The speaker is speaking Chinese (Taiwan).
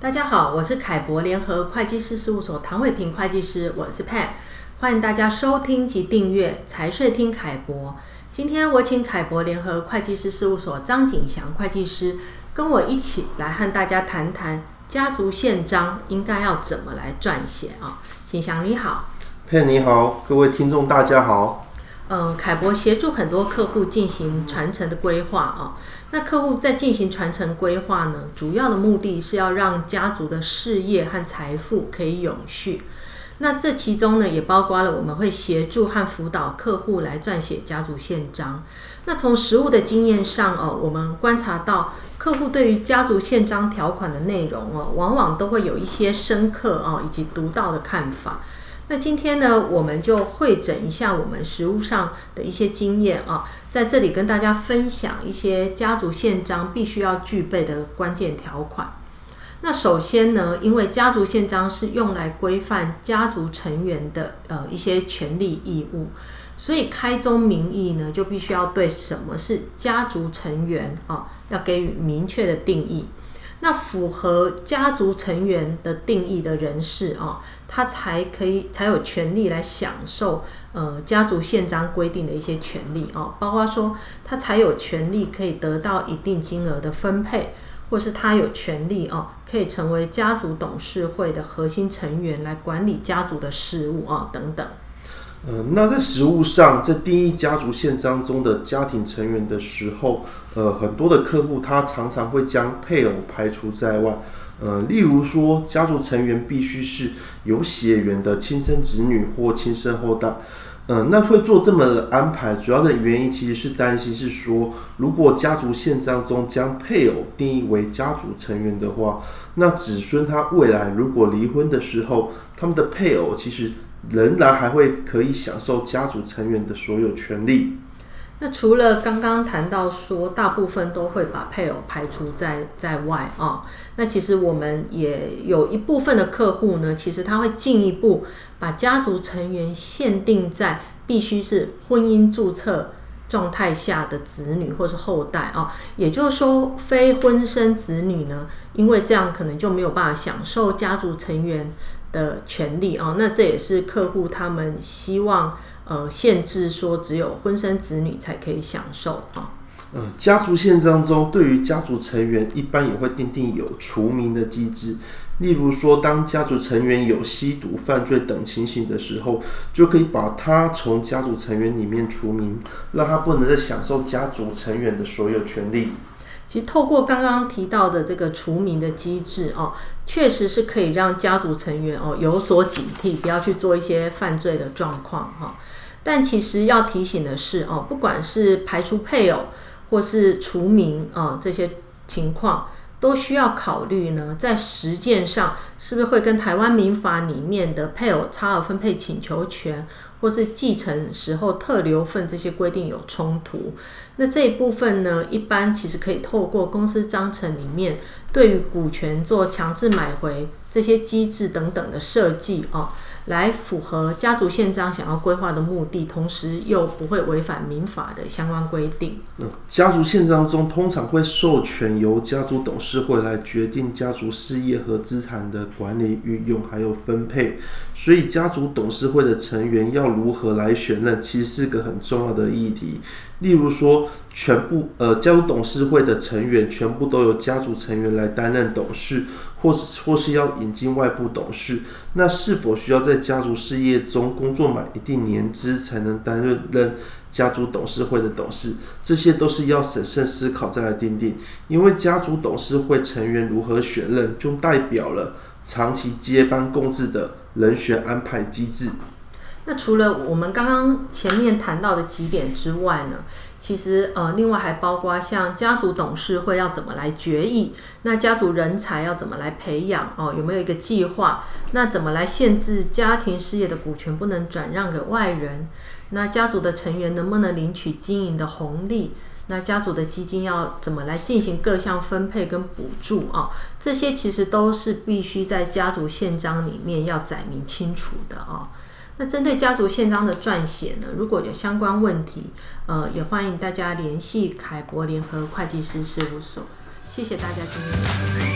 大家好，我是凱博聯合會計師事務所唐偉平會計師，我是 Pan，歡迎大家收聽及訂閱財稅聽凱博。今天我請凱博聯合會計師事務所張景祥會計師跟我一起來和大家談談家族憲章應該要怎麼來撰寫啊？景祥你好，Pan 你好，各位聽眾大家好。嗯、呃，凱博協助很多客戶進行傳承的規劃哦，那客戶在進行傳承規劃呢，主要的目的是要讓家族的事業和財富可以永續。那這其中呢，也包括了我們會協助和輔導客戶來撰寫家族憲章。那從實務的經驗上哦，我們觀察到客戶對於家族憲章條款的內容哦，往往都會有一些深刻、哦、以及獨到的看法。那今天呢，我們就彙整一下我們實務上的一些經驗啊，在這裡跟大家分享一些家族憲章必須要具備的關鍵條款。那首先呢，因為家族憲章是用來規範家族成員的呃一些權利義務，所以開宗明義呢，就必須要對什麼是家族成員啊，要給予明確的定義。那符合家族成員的定義的人士啊，他才可以才有權利來享受呃家族憲章規定的一些權利啊，包括說他才有權利可以得到一定金額的分配，或是他有權利啊，可以成為家族董事會的核心成員來管理家族的事務啊等等。呃，那在實務上，在定義家族憲章中的家庭成員的時候，呃，很多的客戶他常常會將配偶排除在外。呃，例如說，家族成員必須是有血緣的親生子女或親生後代。嗯、呃，那會做這麼的安排，主要的原因其實是擔心是說，如果家族憲章中將配偶定義為家族成員的話，那子孫他未來如果離婚的時候，他們的配偶其實。仍然還會可以享受家族成員的所有權利。那除了剛剛談到說，大部分都會把配偶排除在在外啊。那其實我們也有一部分的客戶呢，其實他會進一步把家族成員限定在必須是婚姻注冊狀態下的子女或是後代啊。也就是說，非婚生子女呢，因為這樣可能就沒有辦法享受家族成員。的權利啊，那這也是客戶他們希望呃限制說只有婚生子女才可以享受啊。嗯，家族憲章中對於家族成員一般也會訂定有除名的機制，例如說當家族成員有吸毒、犯罪等情形的時候，就可以把他從家族成員裡面除名，讓他不能再享受家族成員的所有權利。其實透過剛剛提到的這個除名的機製哦，確實是可以讓家族成員哦有所警惕，不要去做一些犯罪的狀況哈、哦。但其實要提醒的是哦，不管是排除配偶或是除名啊、哦、這些情況。都需要考慮呢，在實踐上是不是會跟台灣民法裡面的配偶差額分配請求權，或是繼承時候特留份這些規定有衝突？那這一部分呢，一般其實可以透過公司章程裡面對於股權做強制買回這些機制等等的設計哦、啊。來符合家族憲章想要規劃的目的，同時又不會違反民法的相關規定。嗯，家族憲章中通常會授權由家族董事會來決定家族事業和資產的管理運用還有分配，所以家族董事會的成員要如何來選任，其實是個很重要的議題。例如說，全部呃，家族董事會的成員全部都由家族成員來擔任董事。或是或是要引進外部董事，那是否需要在家族事業中工作滿一定年資才能擔任任家族董事會的董事？這些都是要審慎思考再來定定，因為家族董事會成員如何選任，就代表了長期接班共治的人選安排機制。那除了我們剛剛前面談到的幾點之外呢？其實，呃，另外還包括像家族董事會要怎麼來決議，那家族人才要怎麼來培養哦，有沒有一個計劃？那怎麼來限制家庭事業的股權不能轉讓給外人？那家族的成員能不能領取經營的紅利？那家族的基金要怎麼來進行各項分配跟補助啊，哦，這些其實都是必須在家族憲章裡面要載明清楚的啊。哦那針對家族憲章的撰寫呢，如果有相關問題，呃，也歡迎大家聯繫凱博聯合會計師事務所。謝謝大家今天。